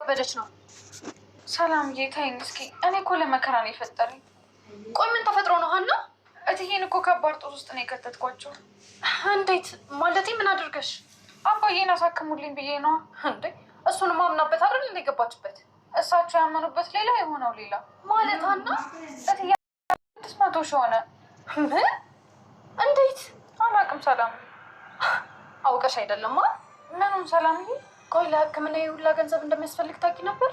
ከበደች ነው ሰላምዬ፣ ተይኝ እስኪ። እኔ እኮ ለመከራ ነው የፈጠረኝ። ቆይ ምን ተፈጥሮ ነው ሀና? እትዬን እኮ ከባድ ጦስ ውስጥ ነው የከተትኳቸው። እንዴት ማለቴ? ምን አድርገሽ? አባዬን አሳክሙልኝ ብዬ ነው እንዴ። እሱንም አምናበት አይደል እንደ የገባችበት። እሳቸው ያመኑበት ሌላ የሆነው ሌላ ማለት ሀና። እትዬ ስድስት መቶ ሺህ ሆነ። ምን? እንዴት? አላውቅም ሰላም። አውቀሽ አይደለማ ምኑን ሰላምዬ ቆይ ለሕክምና የሁላ ገንዘብ እንደሚያስፈልግ ታውቂ ነበር?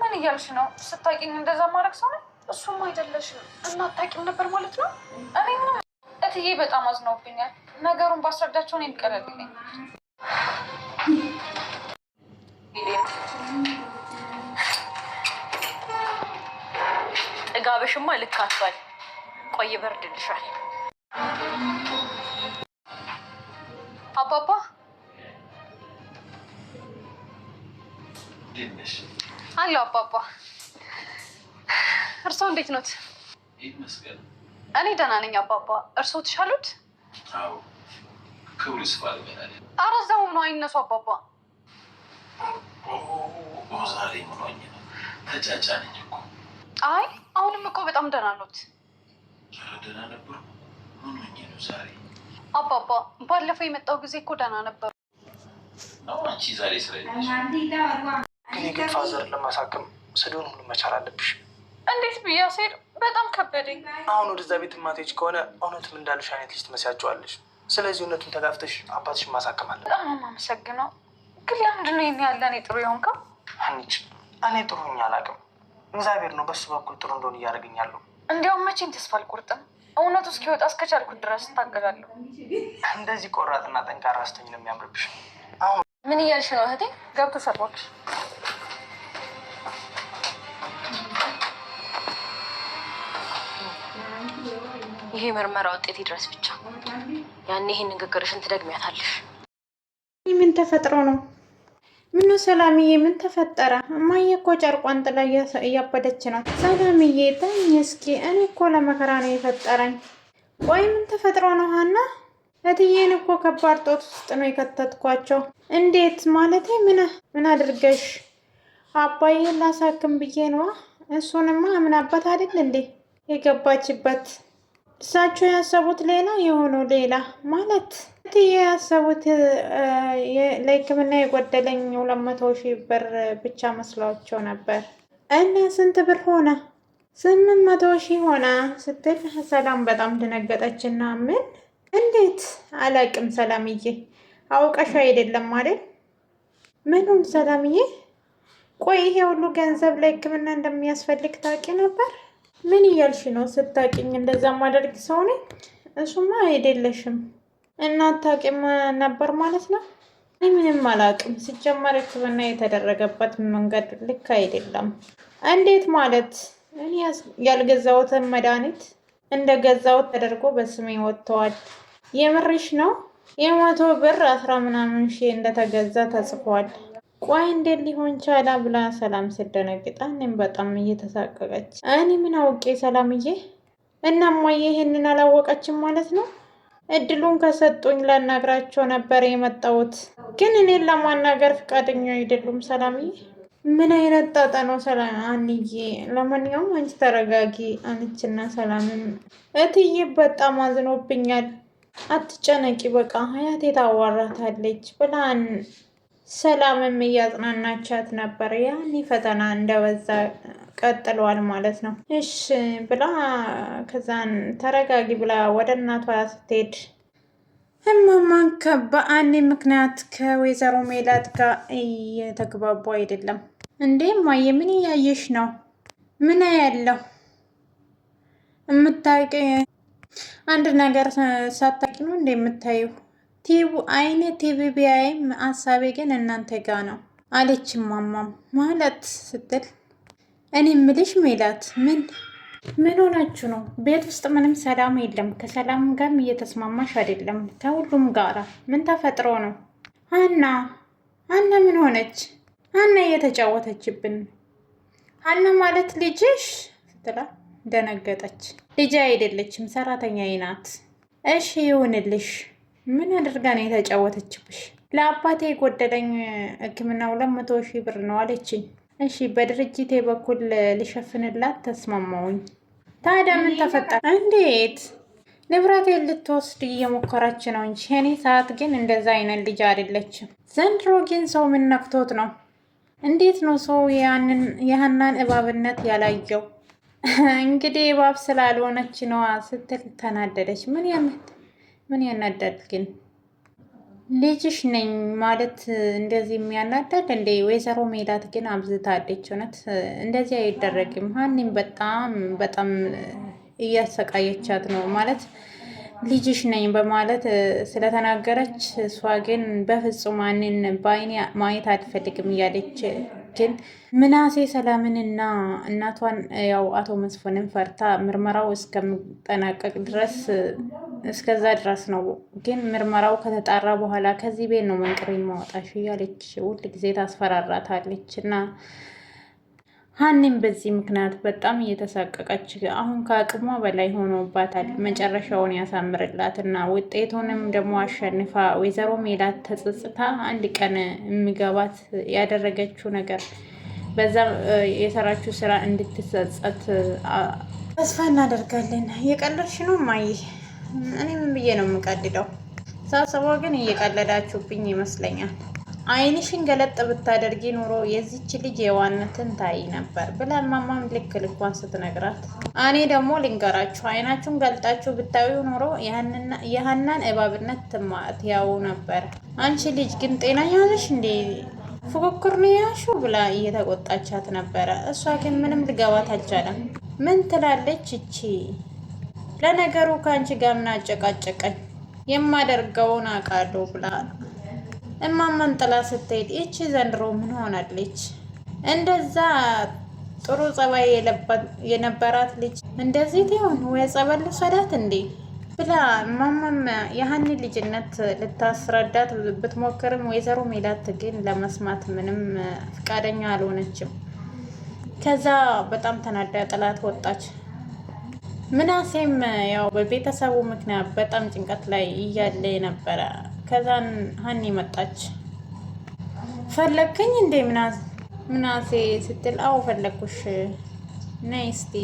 ምን እያልሽ ነው? ስታውቂኝ እንደዛ ማድረግ ሰው እሱም አይደለሽም እና አታውቂም ነበር ማለት ነው? እኔ ምንም እትዬ በጣም አዝነውብኛል። ነገሩን ባስረዳቸው እኔ የሚቀለልኝ ጥጋብሽማ ልክ አቷል። ቆይ በርድልሻል አባባ እንዴት ነሽ? አለሁ አባባ። እርስዎ እንዴት ኖት? ይመስገን። እኔ ደህና ነኝ አባባ። እርስዎ ትሻሉት አዎ፣ ክብሩ ይስፋ። ኧረ እዛው ነው አይነሱ አባባ። ዛሬ ምን ሆኜ ነው? ተጫጫነኝ እኮ። አይ አሁንም እኮ በጣም ደህና ኖት? ኧረ ደህና ነበሩ። ምን ሆኜ ነው ዛሬ አባባ? ባለፈው የመጣው ጊዜ እኮ ደህና ነበሩ። አንቺ ዛሬ ስራ እኔ ግን ፋዘርን ለማሳከም ስዶን ሁሉ መቻል አለብሽ። እንዴት ብዬ ሴር በጣም ከበደኝ። አሁን ወደዛ ቤት ማትሄጂ ከሆነ እውነትም እንዳለሽ አይነት ልጅ ትመስያቸዋለሽ። ስለዚህ እውነቱን ተጋፍተሽ አባትሽ ማሳከም አለ። በጣም አመሰግነው። ግን ለምንድን ነው ይህን ያለ እኔ ጥሩ የሆንከው? አንቺ እኔ ጥሩ ሆኜ አላውቅም። እግዚአብሔር ነው በሱ በኩል ጥሩ እንደሆን እያደረገኛለሁ። እንዲያውም መቼም ተስፋ አልቆርጥም። እውነቱ እስኪወጣ እስከቻልኩት ድረስ እታገላለሁ። እንደዚህ ቆራጥና ጠንካራ ስተኝ ነው የሚያምርብሽ። አሁን ምን እያልሽ ነው እህቴ? ገብቶ ሰጥቦች ይሄ የምርመራ ውጤት ይድረስ ብቻ። ያን ይሄን ንግግርሽን ትደግሚያታለሽ። ምን ተፈጥሮ ነው? ምኑ ሰላምዬ፣ ምን ተፈጠረ? እማዬ እኮ ጨርቋን ጥላ እያበደች ነው። ሰላምዬ ተኝ እስኪ፣ እኔ እኮ ለመከራ ነው የፈጠረኝ። ቆይ ምን ተፈጥሮ ነው ሀና? እትዬን እኮ ከባድ ጦት ውስጥ ነው የከተትኳቸው። እንዴት ማለቴ? ምን አድርገሽ? አባዬን ላሳክም ብዬ ነዋ። እሱንማ ምን አባት አይደል እንዴ የገባችበት እሳቸው ያሰቡት ሌላ የሆነው ሌላ ማለት ያሰቡት ለሕክምና የጎደለኝ ሁለት መቶ ሺህ ብር ብቻ መስሏቸው ነበር እና ስንት ብር ሆነ? ስምንት መቶ ሺህ ሆነ ስትል ሰላም በጣም ደነገጠች እና ምን እንዴት አላቅም ሰላምዬ፣ አውቀሽ አይደለም አይደል? ምኑም ሰላምዬ? ቆይ ይሄ ሁሉ ገንዘብ ለሕክምና እንደሚያስፈልግ ታውቂ ነበር? ምን እያልሽ ነው? ስታቂኝ እንደዛ ማደርግ ሰው እሱማ አይደለሽም። እና አታቂም ነበር ማለት ነው? እኔ ምንም አላቅም። ሲጀመር ሕክምና የተደረገበት መንገድ ልክ አይደለም። እንዴት ማለት? እኔ ያልገዛሁትን መድኃኒት እንደ ገዛሁት ተደርጎ በስሜ ወጥተዋል። የምርሽ ነው? የመቶ ብር አስራ ምናምን ሺህ እንደተገዛ ተጽፏል። ቆይ እንዴት ሊሆን ቻላ ብላ ሰላም ስደነግጣ እኔም በጣም እየተሳቀቀች እኔ ምን አውቄ ሰላምዬ እናማ ይህንን አላወቀችም ማለት ነው እድሉን ከሰጡኝ ላናግራቸው ነበር የመጣሁት ግን እኔን ለማናገር ፈቃደኛ አይደሉም ሰላምዬ ምን አይነት ጣጣ ነው ሰላም አንዬ ለማንኛውም አንቺ ተረጋጊ አንችና ሰላምም እትዬ በጣም አዝኖብኛል አትጨነቂ በቃ ሀያቴ ታዋራታለች ብላን ሰላምም እያጽናናቻት ነበር። ያኔ ፈተና እንደበዛ ቀጥሏል ማለት ነው። እሽ ብላ ከዛን ተረጋጊ ብላ ወደ እናቷ ስትሄድ እማማን በአኔ ምክንያት ከወይዘሮ ሜላት ጋር እየተግባቡ አይደለም። እንዴ እማዬ ምን እያየሽ ነው? ምን ያለው የምታውቂ አንድ ነገር ሳታውቂ ነው እንደ የምታየው ቲቡ አይኔ ቲቪ ቢያይም ሀሳቤ ግን እናንተ ጋ ነው አለች። ማማም ማለት ስትል እኔ ምልሽ ሜላት ምን ምን ሆናችሁ ነው? ቤት ውስጥ ምንም ሰላም የለም። ከሰላም ጋርም እየተስማማሽ አይደለም። ከሁሉም ጋራ ምን ተፈጥሮ ነው? አና አና ምን ሆነች? አና እየተጫወተችብን። አና ማለት ልጅሽ ስትላ ደነገጠች። ልጅ አይደለችም ሰራተኛዬ ናት። እሺ ይሁንልሽ ምን አድርጋ ነው የተጫወተችብሽ? ለአባቴ የጎደለኝ ሕክምና ሁለት መቶ ሺህ ብር ነው አለችኝ። እሺ በድርጅቴ በኩል ልሸፍንላት ተስማማውኝ። ታዲያ ምን ተፈጠረ? እንዴት ንብረቴን ልትወስድ እየሞከራች ነው እንጂ የኔ ሰዓት ግን እንደዛ አይነት ልጅ አይደለችም። ዘንድሮ ግን ሰው ምን ነክቶት ነው? እንዴት ነው ሰው የሀናን እባብነት ያላየው? እንግዲህ እባብ ስላልሆነች ነዋ ስትል ተናደደች። ምን ያመት ምን ያናዳል ግን? ልጅሽ ነኝ ማለት እንደዚህ የሚያናዳል እንዴ? ወይዘሮ ሜላት ግን አብዝታለች። እውነት እንደዚህ አይደረግም። ሀኒም በጣም በጣም እያሰቃየቻት ነው ማለት ልጅሽ ነኝ በማለት ስለተናገረች፣ እሷ ግን በፍጹም ማንን በአይኔ ማየት አልፈልግም እያለች ግን ምናሴ ሰላምንና እናቷን ያው አቶ መስፍንን ፈርታ ምርመራው እስከሚጠናቀቅ ድረስ እስከዛ ድረስ ነው። ግን ምርመራው ከተጣራ በኋላ ከዚህ ቤት ነው መንቅሬ ማወጣሽ እያለች ሁል ጊዜ ታስፈራራታለች እና ሀኒም በዚህ ምክንያት በጣም እየተሳቀቀች አሁን ከአቅሟ በላይ ሆኖባታል። መጨረሻውን ያሳምርላት እና ውጤቱንም ደግሞ አሸንፋ ወይዘሮ ሜላት ተጸጽታ አንድ ቀን የሚገባት ያደረገችው ነገር በዛ የሰራችው ስራ እንድትጸጸት ተስፋ እናደርጋለን። የቀለድሽ ነው ማየ እኔ ምን ብዬ ነው የምቀልደው? ሳስበው ግን እየቀለዳችሁብኝ ይመስለኛል። አይንሽን ገለጥ ብታደርጊ ኑሮ የዚች ልጅ የዋነትን ታይ ነበር ብላ ማማም ልክ ልኳን ስትነግራት፣ እኔ ደግሞ ልንገራችሁ፣ አይናችሁን ገልጣችሁ ብታዩ ኑሮ የሀናን እባብነት ትማት ያው ነበር። አንቺ ልጅ ግን ጤነኛ ነሽ እንዴ? ፉክክር ነው ያሹ ብላ እየተቆጣቻት ነበረ። እሷ ግን ምንም ልገባት አልቻለም። ምን ትላለች እቺ ለነገሩ ከአንቺ ጋር ምን አጨቃጨቀኝ? የማደርገውን አውቃለሁ ብላ እማማን ጥላ ስትሄድ ይቺ ዘንድሮ ምን ሆናለች? እንደዛ ጥሩ ጸባይ የነበራት ልጅ እንደዚህ ትሆን ወይ ጸበል ልውሰዳት እንዴ ብላ እማማም የሀኒ ልጅነት ልታስረዳት ብትሞክርም ወይዘሮ ሜላት ግን ለመስማት ምንም ፈቃደኛ አልሆነችም። ከዛ በጣም ተናዳ ጥላት ወጣች። ምናሴም ያው በቤተሰቡ ምክንያት በጣም ጭንቀት ላይ እያለ የነበረ ከዛን ሀኒ መጣች። ፈለግከኝ እንዴ ምናሴ ስትል አዎ ፈለግኩሽ፣ ነይ እስቲ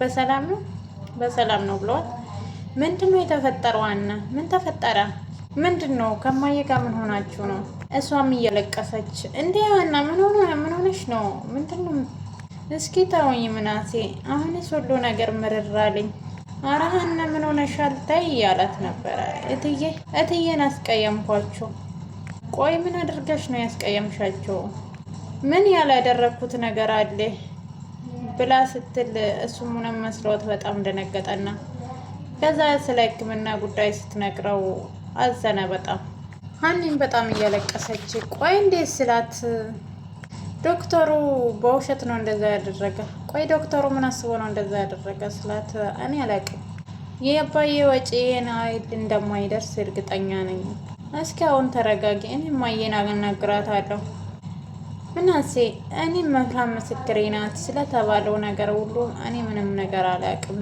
በሰላም ነው በሰላም ነው ብለዋል። ምንድን ነው የተፈጠረው? ምን ተፈጠረ? ምንድን ነው ከማዬ ጋር ምን ሆናችሁ ነው? እሷም እየለቀሰች እንዴ ዋና ምን ሆነ ምን ሆነሽ ነው ምንድን ነው እስኪ ተወኝ ምናሴ፣ አሁንስ ሁሉ ነገር ምርራልኝ። ኧረ ሀና ምን ሆነሻል? ተይ እያላት ነበረ። እትዬ እትዬን አስቀየምኳቸው። ቆይ ምን አድርገሽ ነው ያስቀየምሻቸው? ምን ያላደረግኩት ነገር አለ ብላ ስትል እሱም ምንም መስሎት በጣም ደነገጠና ከዛ ስለ ሕክምና ጉዳይ ስትነግረው አዘነ በጣም ሀኒም በጣም እያለቀሰች ቆይ እንዴት ስላት ዶክተሩ በውሸት ነው እንደዛ ያደረገ። ቆይ ዶክተሩ ምን አስቦ ነው እንደዛ ያደረገ ስላት እኔ አላውቅም፣ የአባዬ ወጪ ናይል እንደማይደርስ እርግጠኛ ነኝ። እስኪ አሁን ተረጋጊ፣ እኔ ማየን አናግራታለሁ። ምናሴ እኔ መልካም ምስክሬ ናት ስለተባለው ነገር ሁሉ እኔ ምንም ነገር አላውቅም።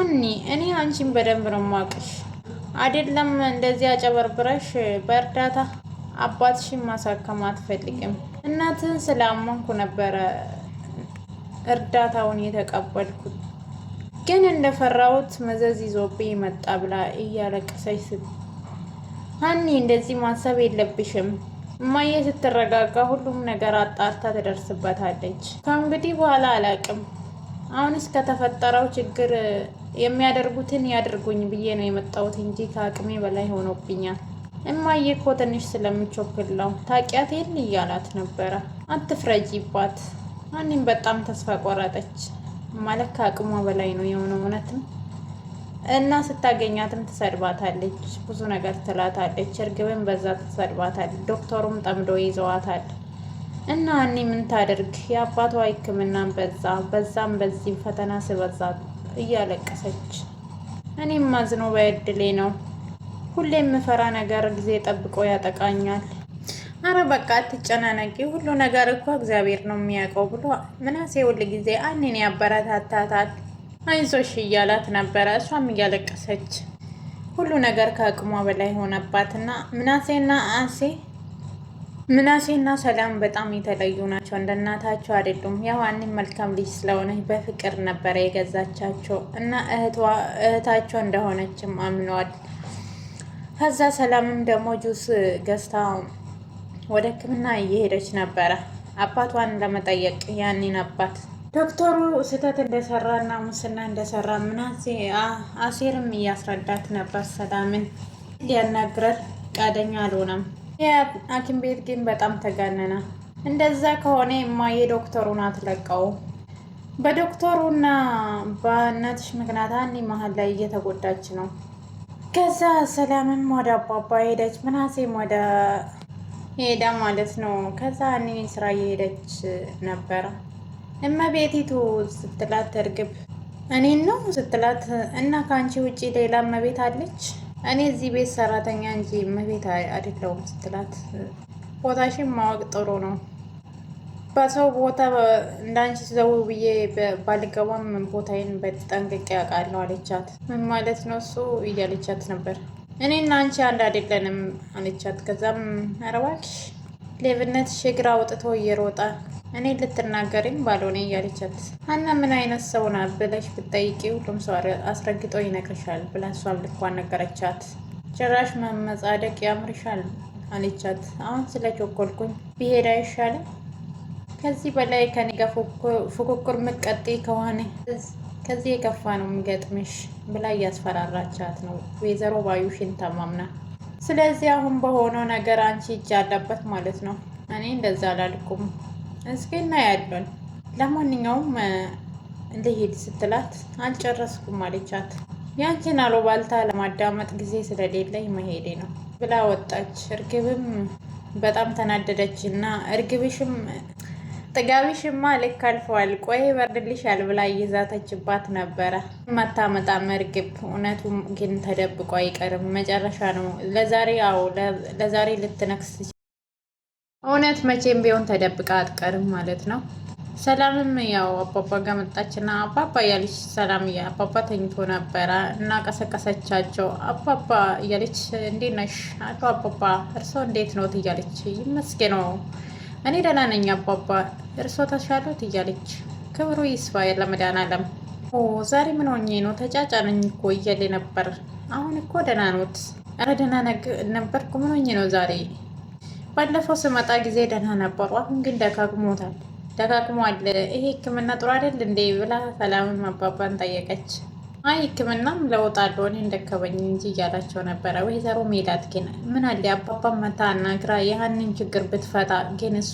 አኒ እኔ አንቺን በደንብ ነው የማውቅሽ። አይደለም እንደዚህ አጨበርብረሽ በእርዳታ አባትሽን ማሳከም አትፈልግም እናትን ስላመንኩ ነበረ እርዳታውን የተቀበልኩት፣ ግን እንደፈራሁት መዘዝ ይዞብኝ መጣ ብላ እያለቀሰች ስ ሀኒ እንደዚህ ማሰብ የለብሽም እማዬ ስትረጋጋ ሁሉም ነገር አጣርታ ትደርስበታለች። ከእንግዲህ በኋላ አላቅም አሁንስ ከተፈጠረው ችግር የሚያደርጉትን ያድርጉኝ ብዬ ነው የመጣሁት እንጂ ከአቅሜ በላይ ሆኖብኛል። እማዬ እኮ ትንሽ ስለምቾክለው ታውቂያት የለ እያላት ነበረ። አትፍረጂባት። አኒም በጣም ተስፋ ቆረጠች። ማለት ከአቅሟ በላይ ነው የሆነ እውነትም እና ስታገኛትም ትሰድባታለች፣ ብዙ ነገር ትላታለች። እርግብን በዛ ትሰድባታል ዶክተሩም ጠምዶ ይዘዋታል። እና አኒ ምን ታደርግ የአባቷ ሕክምናን በዛ በዛም በዚህ ፈተና ስበዛ እያለቀሰች እኔም ማዝኖ በእድሌ ነው ሁሌ የምፈራ ነገር ጊዜ ጠብቆ ያጠቃኛል። አረ በቃ አትጨናነቂ፣ ሁሉ ነገር እኮ እግዚአብሔር ነው የሚያውቀው ብሎ ምናሴ ሁል ጊዜ አንን ያበረታታታል። አይዞሽ እያላት ነበረ። እሷም እያለቀሰች ሁሉ ነገር ከአቅሟ በላይ ሆነባትና ምናሴና አሴ ምናሴና ሰላም በጣም የተለዩ ናቸው። እንደ እናታቸው አይደሉም። ያው መልካም ልጅ ስለሆነች በፍቅር ነበረ የገዛቻቸው እና እህታቸው እንደሆነችም አምነዋል። ከዛ ሰላምም ደግሞ ጁስ ገዝታ ወደ ሕክምና እየሄደች ነበረ አባቷን ለመጠየቅ ያኔን አባት ዶክተሩ ስህተት እንደሰራ እና ሙስና እንደሰራ ምናሴ አሴርም እያስረዳት ነበር። ሰላምን ሊያናግረን ፈቃደኛ አልሆነም። ሐኪም ቤት ግን በጣም ተጋነነ። እንደዛ ከሆነ እማዬ ዶክተሩን አትለቀው። በዶክተሩና በእናትሽ ምክንያት አኒ መሀል ላይ እየተጎዳች ነው ከዛ ሰላምም ወደ አባባ ሄደች፣ ምናሴም ወደ ሄዳ ማለት ነው። ከዛ እኔ ስራ እየሄደች ነበረ እመቤቲቱ ስትላት እርግብ እኔን ነው ስትላት፣ እና ከአንቺ ውጭ ሌላ እመቤት አለች? እኔ እዚህ ቤት ሰራተኛ እንጂ እመቤት አይደለሁም ስትላት፣ ቦታሽን ማወቅ ጥሩ ነው በሰው ቦታ እንዳንቺ ዘው ብዬ ባልገባም ቦታዬን በጠንቅቄ አውቃለሁ አለቻት። ምን ማለት ነው እሱ እያለቻት ነበር። እኔና አንቺ አንድ አይደለንም አለቻት። ከዛም ኧረ ሌብነት ሌብነትሽ እግር አውጥቶ እየሮጠ እኔ ልትናገርኝ ባልሆነ እያለቻት አና ምን አይነት ሰው ናት ብለሽ ብጠይቂ ሁሉም ሰው አስረግጦ ይነግርሻል ብላ እሷም ልኳን ነገረቻት። ጭራሽ መመጻደቅ ያምርሻል አለቻት። አሁን ስለ ቸኮልኩኝ ብሄድ አይሻልም ከዚህ በላይ ከኔ ጋር ፉክክር የምትቀጥይ ከሆነ ከዚህ የከፋ ነው የሚገጥምሽ ብላ እያስፈራራቻት ነው ወይዘሮ ባዩሽን ተማምና። ስለዚህ አሁን በሆነው ነገር አንቺ እጅ አለበት ማለት ነው። እኔ እንደዛ አላልኩም። እስኪ እናያለን። ለማንኛውም ልሂድ ስትላት አልጨረስኩም አለቻት። ያንቺን አሉባልታ ለማዳመጥ ጊዜ ስለሌለኝ መሄዴ ነው ብላ ወጣች። እርግብም በጣም ተናደደች እና እርግብሽም ጥጋቢ ሽማ ልክ አልፈዋል። ቆይ በርድልሽ ብላ እየዛተችባት ነበረ። መታመጣ መርግብ እውነቱ ግን ተደብቆ አይቀርም። መጨረሻ ነው ለዛሬ አዎ፣ ለዛሬ ልትነክስ እውነት መቼም ቢሆን ተደብቃ አትቀርም ማለት ነው። ሰላምም ያው አባባ ጋር መጣችና አባባ እያለች ሰላም አባባ ተኝቶ ነበረ እና ቀሰቀሰቻቸው። አባባ እያለች እንዴት ነሽ አቶ አባባ እርስዎ እንዴት ነዎት እያለች ይመስገነው እኔ ደህና ነኝ አባባ፣ እርሶ ተሻሎት? እያለች ክብሩ ይስፋ ለመድኃኒዓለም ዛሬ ምን ሆኜ ነው? ተጫጫነኝ እኮ እያለ ነበር። አሁን እኮ ደህና ኖት? ኧረ ደህና ነበርኩ። ምን ሆኜ ነው ዛሬ? ባለፈው ስመጣ ጊዜ ደህና ነበሩ፣ አሁን ግን ደጋግሞታል አለ ይሄ ህክምና ጥሩ አይደል እንዴ? ብላ ሰላምም አባባን ጠየቀች። አይ ህክምናም ለውጥ አለው እኔ እንደከበኝ እንጂ እያላቸው ነበረ። ወይዘሮ ሜላት ግን ምን አለ አባባ መታ አናግራ ያህንን ችግር ብትፈታ ግን እሷ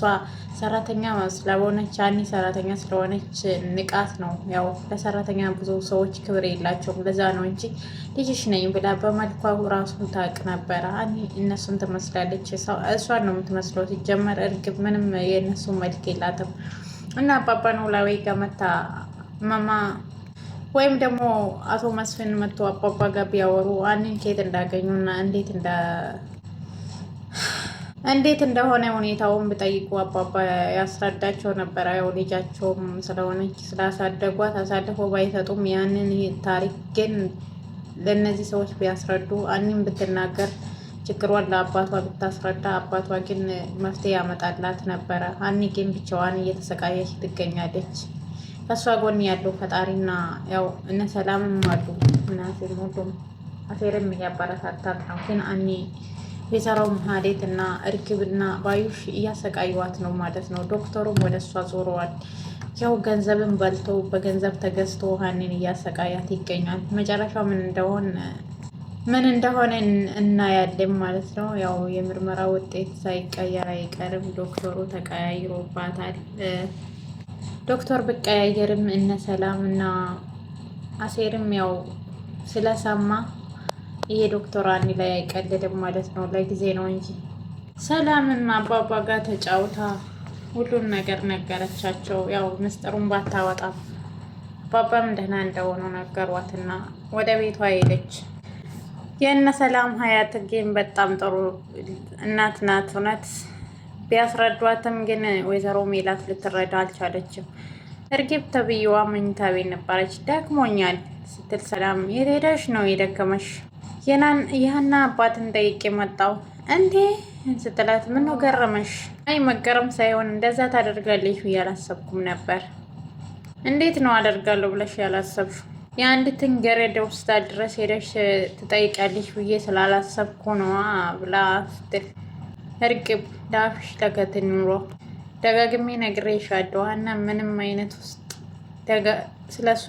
ሰራተኛ ስለሆነች አኒ ሰራተኛ ስለሆነች ንቃት ነው። ያው ለሰራተኛ ብዙ ሰዎች ክብር የላቸውም ለዛ ነው እንጂ ልጅሽ ነኝ ብላ በመልኳ ራሱ ታውቅ ነበረ። አኒ እነሱን ትመስላለች፣ እሷን ነው የምትመስለው። ሲጀመር እርግብ ምንም የእነሱ መልክ የላትም እና አባባ ኖላዊ ጋር መታ መማ ወይም ደግሞ አቶ መስፍን መቶ አባባ ጋር ቢያወሩ አንን ኬት እንዳገኙና እንዴት እንዴት እንደሆነ ሁኔታውን ብጠይቁ አባባ ያስረዳቸው ነበረ። ያው ልጃቸውም ስለሆነች ስላሳደጓት አሳልፎ ባይሰጡም ያንን ታሪክ ግን ለእነዚህ ሰዎች ቢያስረዱ አኒም ብትናገር ችግሯን ለአባቷ ብታስረዳ አባቷ ግን መፍትሄ ያመጣላት ነበረ። አኒ ግን ብቻዋን እየተሰቃየች ትገኛለች። ከእሷ ጎን ያለው ፈጣሪና ያው እነ ሰላምም አሉ ምናሴም ሞቶም አሴርም እያበረታታት ነው። ግን አኒ የሰራው መሀሌት እና እርግብና ባዩሽ እያሰቃዩዋት ነው ማለት ነው። ዶክተሩም ወደ እሷ ዞረዋል። ያው ገንዘብን በልቶ በገንዘብ ተገዝቶ ውሃንን እያሰቃያት ይገኛል። መጨረሻው ምን እንደሆን ምን እንደሆነ እናያለን ማለት ነው። ያው የምርመራ ውጤት ሳይቀየር አይቀርም። ዶክተሩ ተቀያይሮባታል። ዶክተር ብቀያየርም እነ ሰላም እና አሴርም ያው ስለሰማ ይሄ ዶክተር አኒ ላይ አይቀልድም ማለት ነው። ለጊዜ ነው እንጂ ሰላምም አባባ ጋር ተጫውታ ሁሉን ነገር ነገረቻቸው። ያው ምስጢሩን ባታወጣም አባባም ደህና እንደሆኑ ነገሯትና ወደ ቤቷ ሄደች። የእነ ሰላም ሀያት ግን በጣም ጥሩ እናት ናት እውነት ቢያስረዷትም ግን ወይዘሮ ሜላት ልትረዳ አልቻለችም። እርግብ ተብዬዋ መኝታ ቤት ነበረች። ደክሞኛል ስትል ሰላም የት ሄደሽ ነው የደከመሽ? የሀና አባትን ጠይቄ መጣሁ። እንዴ ስትላት ምን ገረመሽ? አይ መገረም ሳይሆን እንደዛ ታደርጋለሽ ብዬ አላሰብኩም ነበር። እንዴት ነው አደርጋለሁ ብለሽ ያላሰብሽ? የአንዲትን ገረድ ውስጥ ድረስ ሄደሽ ትጠይቃለሽ ብዬ ስላላሰብኩ ነዋ ብላ ስትል እርግብ ዳፍሽ ለከትን ኑሮ ደጋግሜ ነግሬሻለሁ። ሀና ምንም አይነት ውስጥ ስለ እሷ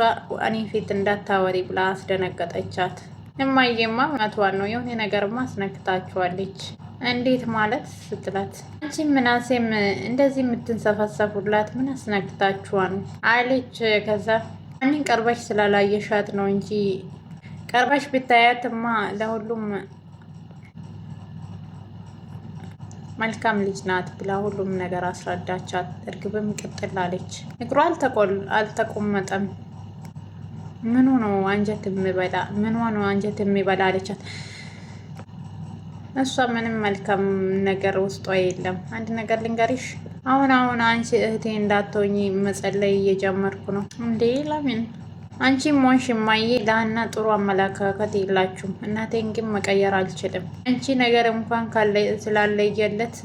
እኔ ፊት እንዳታወሪ ብላ አስደነገጠቻት። እማዬማ እውነቷን ነው፣ የሆነ ነገርማ አስነክታችኋለች። እንዴት ማለት ስትላት፣ አንቺ ምናሴም እንደዚህ የምትንሰፈሰፉላት ምን አስነክታችኋን አለች። ከዛ እኔን ቀርበሽ ስላላየሻት ነው እንጂ ቀርበሽ ብታያትማ ለሁሉም መልካም ልጅ ናት ብላ ሁሉም ነገር አስረዳቻት። እርግብም ቅጥል አለች። እግሩ አልተቆመጠም። ምን ሆኖ አንጀት የሚበላ? ምን ሆኖ አንጀት የሚበላ አለቻት። እሷ ምንም መልካም ነገር ውስጧ የለም። አንድ ነገር ልንገሪሽ፣ አሁን አሁን አንቺ እህቴ እንዳተውኝ መጸለይ እየጀመርኩ ነው። እንዴ ለምን? አንቺ ሞንሽ ማዬ ደህና ጥሩ አመለካከት የላችሁም። እናቴን ግን መቀየር አልችልም። አንቺ ነገር እንኳን ስላለየለት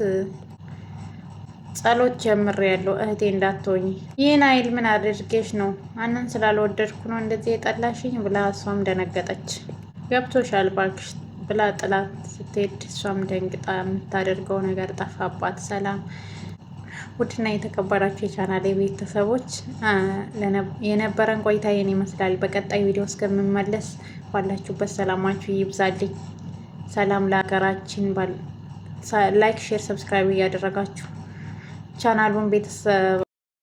ጸሎት ያለው እህቴ እንዳትሆኝ። ይህን አይል ምን አድርጌሽ ነው? አንን ስላልወደድኩ ነው እንደዚህ የጠላሽኝ ብላ እሷም ደነገጠች። ገብቶሻል ባክሽ ብላ ጥላት ስትሄድ እሷም ደንግጣ የምታደርገው ነገር ጠፋባት። ሰላም ውድና የተከበራችሁ የቻናል ቤተሰቦች የነበረን ቆይታ ይህን ይመስላል። በቀጣይ ቪዲዮ እስከምመለስ ባላችሁበት ሰላማችሁ ይብዛልኝ። ሰላም ለሀገራችን። ላይክ፣ ሼር፣ ሰብስክራይብ እያደረጋችሁ ቻናሉን ቤተሰብ